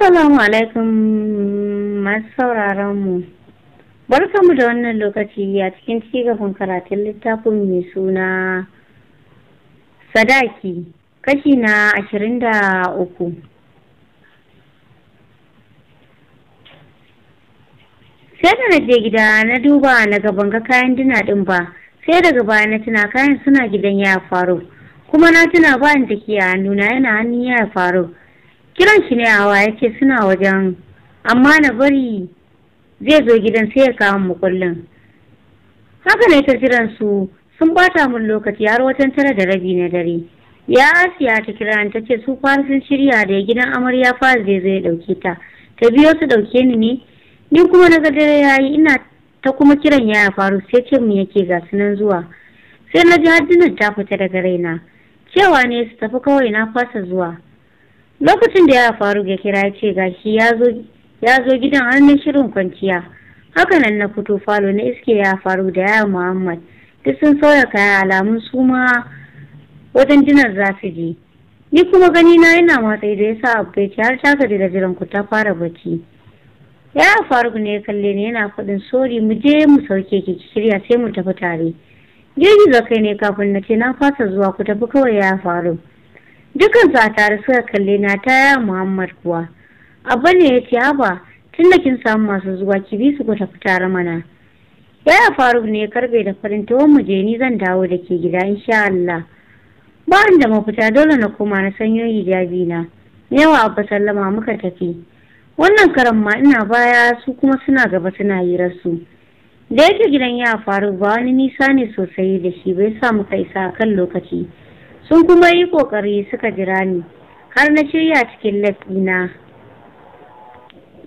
Assalamu alaikum masu sauraron mu. Barkanmu da wannan lokaci a cikin cigaban karatun littafin mai suna Sadaki kashi na ashirin da uku. Sai da na je gida na duba na gaban ga kayan dina din ba, sai daga baya na tuna kayan suna gidan ya faru, kuma na tuna ba da tafiya nuna yana hannun ya faru. kiran shi ne a waya ce suna wajen amma na bari zai zo gidan sai ya kawo mu kullum haka ne ta kiran su sun bata mun lokaci har watan tara da rabi na dare ya asiya ta kira ta ce su fara sun shirya da gidan amarya fara zai zo ya dauke ta ta biyo su dauke ni ne ni kuma na ga dare yayi ina ta kuma kiran yaya faru sai ce mu yake ga sunan zuwa sai na ji haddinan ta fita daga raina cewa ne su tafi kawai na fasa zuwa lokacin da ya faru ya kira ce gashi ya zo gidan hannun shirin kwanciya hakanan na fito falo na iske ya faru da ya muhammad duk sun sauya kaya alamun su ma wajen jinar za su je ni kuma gani na yana matsayi da yasa ya har ta gari da jiran ku ta fara bacci ya faru ne kalle ne yana faɗin sori mu je mu sauke ki shirya sai mu tafi tare girgiza kai ne kafin na ce na fasa zuwa ku tafi kawai ya faru dukan su a tare suka kalle na ya muhammad kuwa abba ne ya ce haba tun da kin samu masu zuwa ki bi su ku tafi tare mana yaya faru ne ya karbe da farin tawon mu ni zan dawo da ke gida insha allah ba da mafita dole na koma na sanyo hijabi na yawa abba sallama muka tafi wannan karan ma ina baya su kuma suna gaba suna hirar su da yake gidan ya faru ba wani nisa ne sosai da shi bai sa muka isa kan lokaci sun kuma yi ƙoƙari suka jira ni har na shirya cikin na.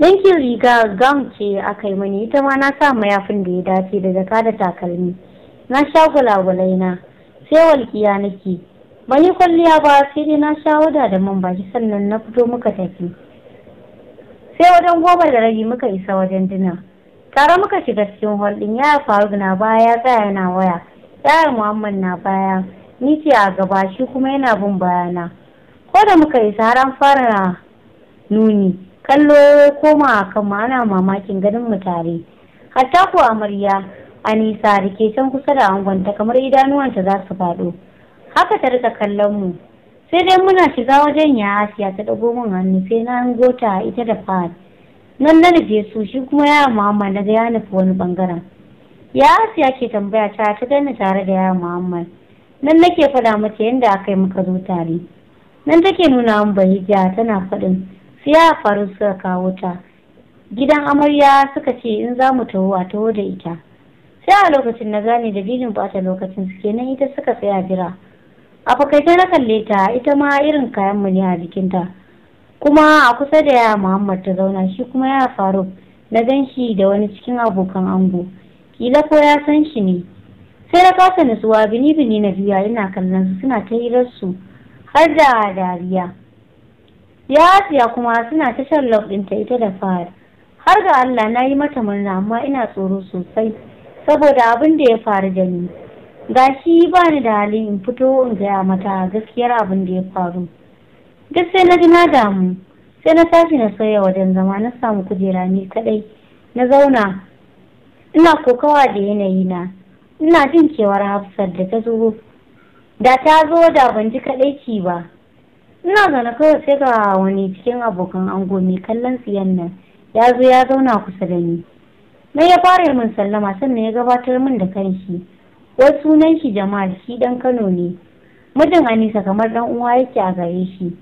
ɗinkin riga gown ce aka yi mani ita ma na sa mayafin da ya dace da jaka da takalmi na sha gulagulai na sai walƙiya nake ban yi kwalliya ba sai dai na sha wada da man baki sannan na fito muka tafi sai wajen goma da rabi muka isa wajen dina tare muka shiga cikin hol ɗin ya faru na baya ya tsaya na waya yayar muhammad na baya ni ce a gaba shi kuma yana bin bayana ko da muka isa har an fara nuni kallo ya koma a kan ana mamakin ganin mu tare hatta ko amarya a nisa da ke can kusa da angonta kamar idanuwanta za su faɗo haka ta rika kallon mu sai dai muna shiga wajen ya asiya ta ɗago min hannu sai na gota a ita da fad. nan na nufe su shi kuma ya mu'amma na ga ya nufi wani bangaren ya asiya ke tambaya ta ta gani tare da ya muhammad nan nake faɗa mace yadda aka yi muka zo tare nan take nuna min bahija tana faɗin ya faru suka kawo ta gidan amarya suka ce in za mu taho a taho da ita sai a lokacin na gane dalilin bata lokacin suke nan ita suka tsaya jira a fakaita na kalle ta ita ma irin kayan mu ne a jikinta kuma a kusa da ya muhammad ta zauna shi kuma ya faru na gan shi da wani cikin abokan ango kila ko ya san shi ne sai na kasa nutsuwa bini bini na juya ina kallon su suna ta hirar su har da dariya ya hasiya kuma suna ta shan love ta ita da fara har ga Allah na yi mata murna amma ina tsoro sosai saboda abin da ya faru da ni gashi ba ni da hali in fito in gaya mata gaskiyar abin da ya faru duk sai na ji na damu sai na tashi na sauya wajen zama na samu kujera ni kadai na zauna ina kokawa da yanayi na ina jin cewar hafsat da ta zo da ta zo da ban ji kaɗai ki ba ina zana kawai sai ga wani cikin abokan ango mai kallon tsiyan nan ya zo ya zauna kusa da ni na ya fara min sallama sannan ya gabatar min da kanshi wai sunan shi jamal shi dan kano ne mijin anisa kamar dan uwa yake a gare shi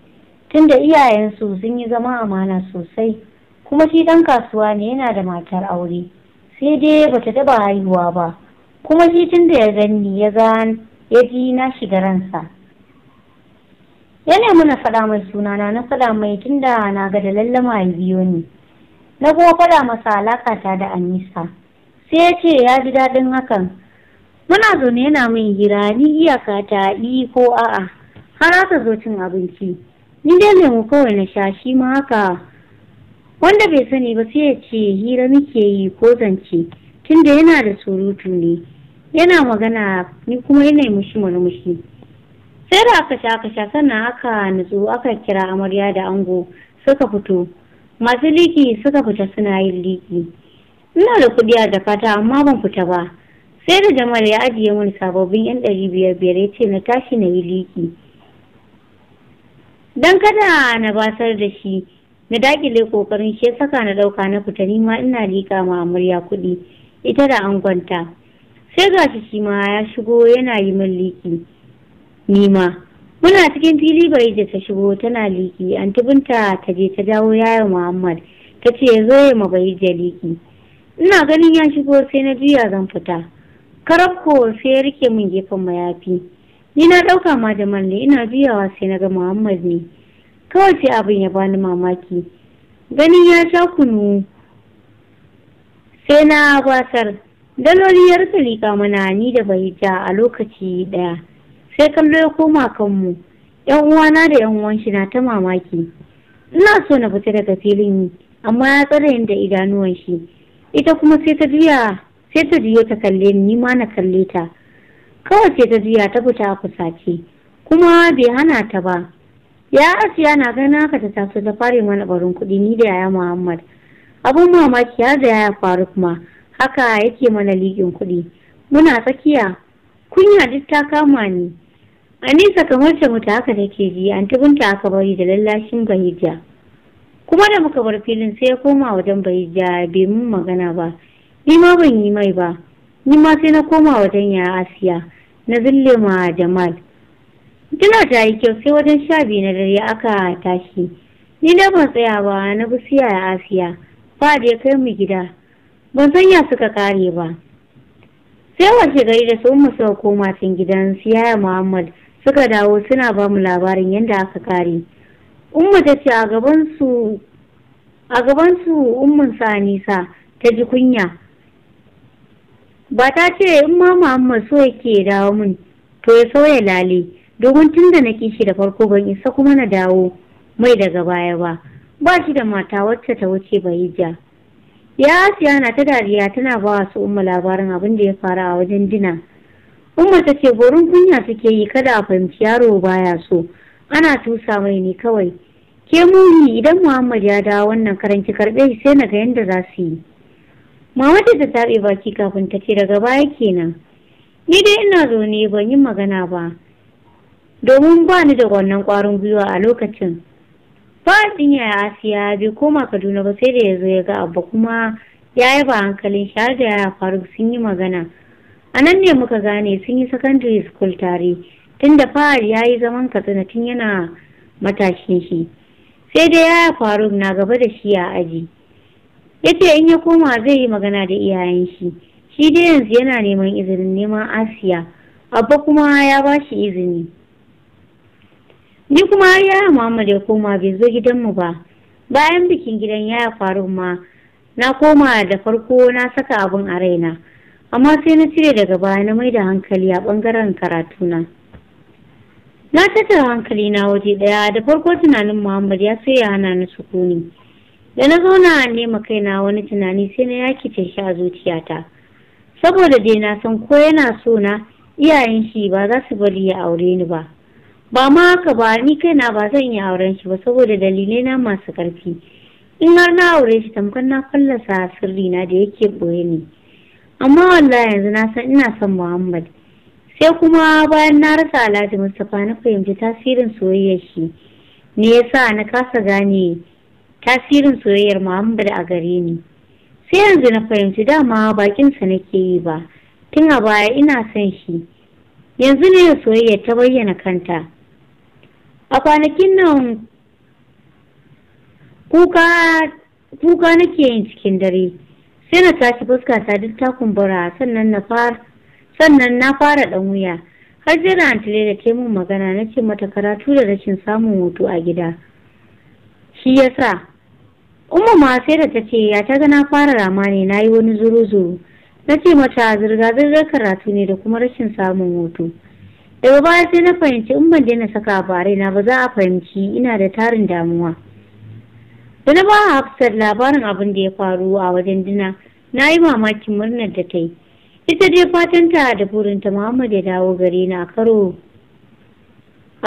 tunda iyayensu sun yi zama amana sosai kuma shi dan kasuwa ne yana da matar aure sai dai bata taba haihuwa ba kuma shi tun da ya ganni ya gan ya ji na shiga ransa ya nemi na faɗa mai sunana na faɗa mai tun da na ga da lallama ya biyo ni na kuma faɗa masa alaƙa ta da anisa sai ya ce ya ji daɗin hakan muna zaune yana min hira ni iyaka ta ɗi ko a'a har aka zo cin abinci ni dai lemu kawai na sha shi ma haka wanda bai sani ba sai ya ce hira muke yi ko zance tunda yana da surutu ne yana magana ni kuma yana yi mushi murmushi sai da aka sha aka sha sannan aka nutsu aka kira amarya da ango suka fito masu liki suka fita suna yin liki ina da kuɗi a jakata amma ban fita ba sai da jamal ya ajiye mun sababbin yan ɗari biyar biyar ya ce na tashi na yi liki dan kada na basar da shi na daƙile kokarin shi saka na ɗauka na fita nima ina liƙa ma amarya kuɗi ita da angonta sai ga shi shi ma ya shigo yana yi min liki ni ma muna cikin fili bai da ta shigo tana liki an tubinta ta je ta dawo yayin muhammad ta ce ya zo ya ma bai da liki ina ganin ya shigo sai na juya zan fita karafko sai ya rike min gefen mayafi ni na ɗauka ma da ne ina juyawa sai na ga muhammad ne kawai sai abin ya bani mamaki ganin ya sha kunu sai na basar. daloli ya rufe liƙa mana ni da ja a lokaci ɗaya sai kallo ya koma kanmu yan uwana da yan uwan shi na ta mamaki ina so na fita daga filin yi. amma ya tsare da idanuwan shi ita kuma sai ta juya sai ta ta kalle ni ma na kalle ta kawai sai ta juya ta fita a kusace kuma bai hana ta ba ya asiya na ganin haka ta taso ta fare mana barin kuɗi ni da yaya muhammad abun mamaki har da yaya faru kuma haka yake mana ligin kuɗi muna tsakiya kunya duk ta kama ni anisa kamar ta mutu haka take ji an tubinta aka bari da lallashin bahija kuma da muka bar filin sai ya koma wajen bahija bai mun magana ba ni ma ban yi mai ba ni ma sai na koma wajen ya asiya na zille ma jamal tana ta yi kyau sai wajen sha biyu na dare aka tashi. Ni da ban tsaya ba na bi siya ya Asiya. fadi ya kai mu gida. Ban san ya suka kare ba. Sai wace gari da su musu ko matan gidan siyaya Muhammad suka dawo suna ba mu labarin yadda aka kare. Umma ta ce a gaban su a umman sa Nisa ta ji kunya. Ba ta ce in ma Muhammad so yake dawo min to ya sauya lale domin tunda na kishi da farko ban isa kuma na dawo mai daga baya ba. ba shi da mata wacce ta wuce ja Ya Asiya na ta dariya tana ba su umma labarin abin da ya faru a wajen dina. Umma ta ce borin kunya suke yi kada a fahimci yaro baya so. Ana tusa mai ne kawai. Ke muni idan Muhammad ya dawo wannan karanci karɓe sai na ga yadda za su yi. Mamata ta taɓe baki kafin ta ce daga baya kenan. Ni dai ina zo ne ban yi magana ba. Domin ba ni da wannan kwarin gwiwa a lokacin. Faɗin Asiya bi koma Kaduna ba sai da ya zo ya ga Abba kuma ya yaba hankalin shi har da yaya Faruk sun yi magana. A nan ne muka gane sun yi secondary school tare tunda fahar ya yi zaman Katsina tun yana matashin shi. Sai dai yaya Faruk na gaba da shi a aji. Ya ce in ya koma zai yi magana da iyayen shi. Shi dai yanzu yana neman izinin neman Asiya. Abba kuma ya ba shi izini. ni kuma har yaya muhammad ya koma bai zo gidanmu ba bayan bikin gidan ya faru ma na koma da farko na saka abin a raina amma sai na cire daga baya na mai da hankali a ɓangaren karatuna na tata hankali na waje ɗaya, da farko tunanin muhammad ya so ya hana ni sukuni da na zauna nema kaina wani tunani sai na yakice shi a zuciyata saboda dai na san ko yana so na iyayen shi ba za su bari ya aure ni ba ba ma haka ba ni kaina ba zan yi auren shi ba saboda dalilai na masu karfi in har na aure shi tamkar na fallasa sirri na da yake ɓoye ne amma wallahi yanzu na san ina son Muhammad sai kuma bayan na rasa Alhaji Mustapha na fahimci tasirin soyayyar shi ne yasa na kasa gane tasirin soyayyar Muhammad a gare ni sai yanzu na fahimci dama bakin sa nake yi ba tun a baya ina son shi yanzu ne soyayya ta bayyana kanta a kwanakin nan kuka nake yin cikin dare sai na tashi fuska ta duk ta kumbura sannan na fara sannan dan wuya har na antile da ke mun magana na ce mata karatu da rashin samun hutu a gida shi yasa umma ma sai da ta ce ya ta ga na fara rama ne na yi wani zuru-zuru na ce mata zirga-zirgar karatu ne da kuma rashin samun hutu. daga baya sai na fahimci in ban daina saka farai na ba za a fahimci ina da tarin damuwa da na ba hafsar labarin abin da ya faru a wajen dina na yi mamakin murnar da ta yi ita dai fatanta da burin ta muhammad ya dawo gare na a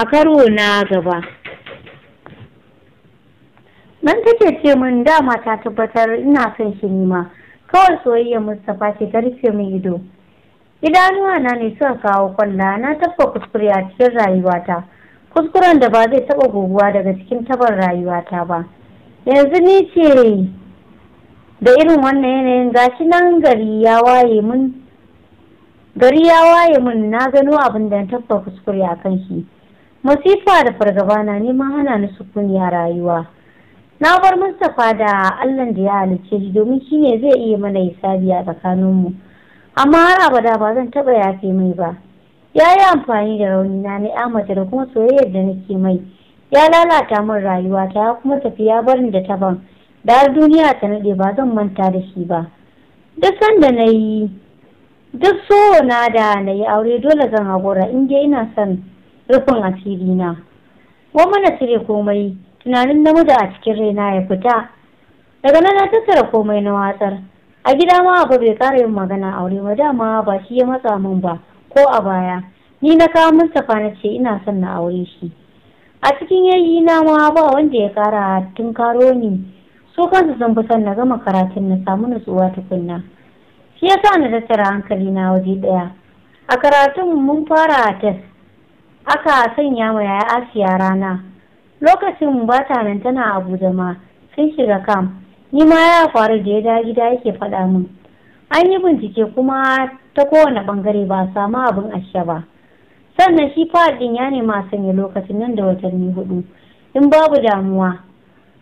karo na gaba nan take ce min dama ta tabbatar ina son shi nima kawai soyayya mustapha ce ta rufe min ido idanuwa na ne suka kawo kwalla na tabba kuskure a cikin rayuwata kuskuren da ba zai taba guguwa daga cikin tabar rayuwata ba yanzu ni ce da irin wannan yanayin gashi nan gari ya waye mun gari ya waye mun na gano abin da na kuskure a kan shi masifa da fargaba na neman hana ni sukuni a rayuwa na bar mustapha da allah da ya halicce shi domin shine zai iya mana hisabi a tsakaninmu amma har abada ba zan taɓa yafe mai ba ya yi amfani da rauni na ya mace da kuma soyayyar da nake mai ya lalata min rayuwata ya kuma tafi ya bar da taban da har duniya ta naɗe ba zan manta da shi ba duk sanda na yi duk so na da na yi aure dole zan haƙura in dai ina son rufin asiri na ko mana cire komai tunanin da a cikin raina ya fita daga nan na tattara komai na watsar a gida ma abu bai ƙara yin magana aure ba dama ba shi ya matsa min ba ko a baya ni na kawo mustapha na ce ina son na aure shi a cikin yayi na ma ba wanda ya kara tun karo ni su kansu sun fi son na gama karatun na samu nutsuwa tukunna shi ya sa na tattara hankali na waje ɗaya a karatun mun fara tes aka sanya ma yaya asiya rana lokacin ba ta nan tana abuja ma sun shiga kam ni ma ya faru da ya da gida yake faɗa min an yi bincike kuma ta kowane bangare ba samu abin ashe ba sannan shi fahad ɗin ya nema a sanya lokacin nan da watanni hudu in babu damuwa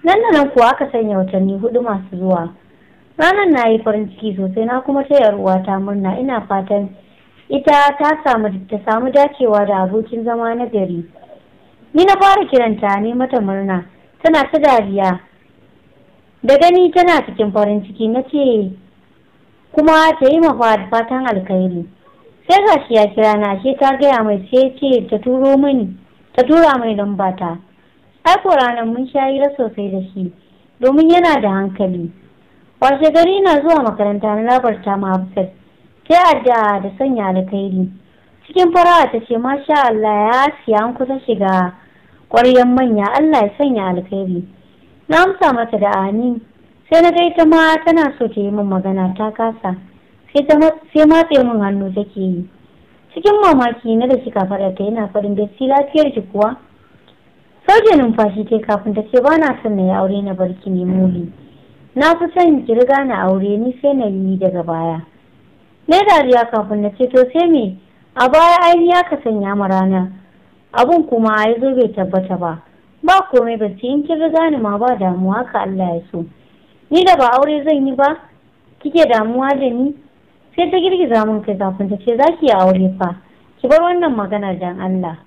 nan da nan kuwa aka sanya watanni hudu masu zuwa ranar na yi farin ciki sosai na kuma ta ruwa ta murna ina fatan ita ta samu ta samu dacewa da abokin zama na gari ni na fara kiranta ne mata murna tana ta dariya da gani tana cikin farin ciki na ce kuma ta yi mafa fatan alkhairi sai ga shi ya kira na shi ta gaya mai sai ce ta turo mini ta tura mai lambata ai ko ranar mun sha hira sosai da shi domin yana da hankali washe gari na zuwa makaranta na labarta ma hafsat sai addu'a da sanya alkhairi cikin farawa ta ce masha Allah ya siya an kusa shiga ƙwaryan manya Allah ya sanya alkhairi na amsa mata da amin sai na ga ita ma tana so ta yi min magana ta kasa sai matse min hannu take yi cikin mamaki na da kika faɗa ta yana farin gaske lafiyar ki kuwa sauke numfashi ke kafin ta ce ba na son na yi aure na barki ne muli na fi son ki riga na aure ni sai na yi daga baya na yi dariya kafin na ce to sai me a baya ai ya ka sanya mu rana abun kuma ya zo bai tabbata ba ba komai ba sai in kin riga ni ma ba damuwa ka Allah ya so ni da ba aure zan yi ba kike damuwa da ni sai ta girgiza mun kai kafin ta ce zaki yi aure fa ki bar wannan magana dan Allah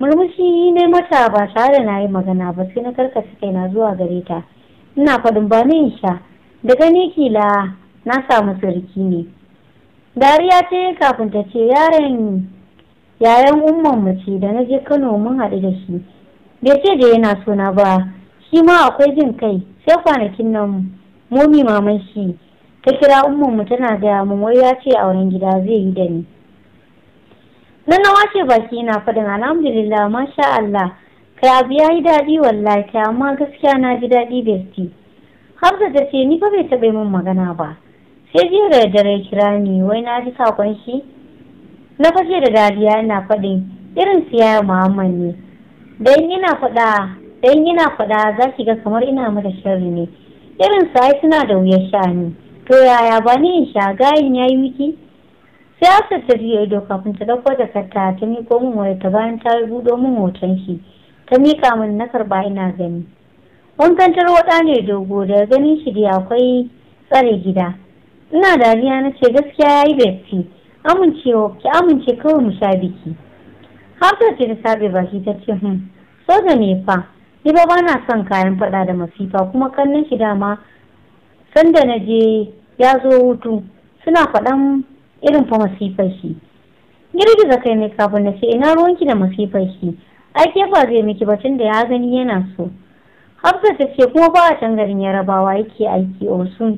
murmushi ne mata ba tare da nayi magana ba sai na karkata kaina zuwa gare ta ina faɗin ba ni sha da gani kila na samu sarki ne dariya ce kafin ta ce yaron yayan umman mace da na je Kano mun haɗu da shi bai ce da yana suna ba shi ma akwai jin kai sai kwanakin nan momi maman shi ta kira mu tana da mun ya ce a wurin gida zai yi da ni nan na wace baki yana faɗin alhamdulillah masha Allah kai abu ya yi daɗi wallahi kai amma gaskiya na ji daɗi besti hamza ta ce ni fa bai taɓa min magana ba sai jiya da dare kira ni wai na ji sakon shi na fashe da dariya ina faɗin irin siyaya Muhammad ne dan yana faɗa dan yana faɗa za ki ga kamar ina mata shirin ne irin sai suna da wuyar ne. to yaya ba ni in sha gayin yayi miki sai ta juya ido kafin ta da jakarta ta miƙo min wayar ta bayan ta buɗo min hoton shi ta miƙa min na karba ina gani wankan tarwaɗa ne dogo da ganin shi da akwai tsare gida ina dariya na ce gaskiya yayi besti amincewa ki amince kawai mu sha biki Hafsa ce ta sabe baki ta ce hmm, so soja ne fa ni ba bana son kayan faɗa da masifa kuma kallon shi dama sanda na je ya zo hutu suna faɗan irin fa masifar shi girgiza kai ne kafin na ce ina ruwanki da masifar shi ai ba zai miki batun da ya gani yana so hafsa ta ce kuma ba a can garin yarabawa yake aiki osun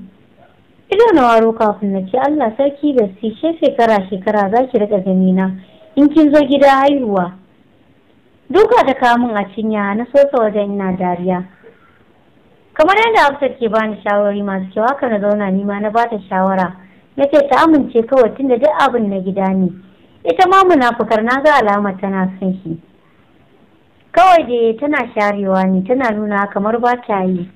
ido na waro kafin na ce allah sarki da shi shekara shekara za ki riƙa na. in kin zo gida haihuwa duka ta kamun a cinya na sosa wajen ina dariya kamar yadda hafsat ke bani shawarori masu kyau haka na zauna nima na bata shawara na ce ta amince kawai tunda duk abin na gida ne ita ma munafukar na ga alamar tana son shi kawai da tana sharewa ne tana nuna kamar ba ta yi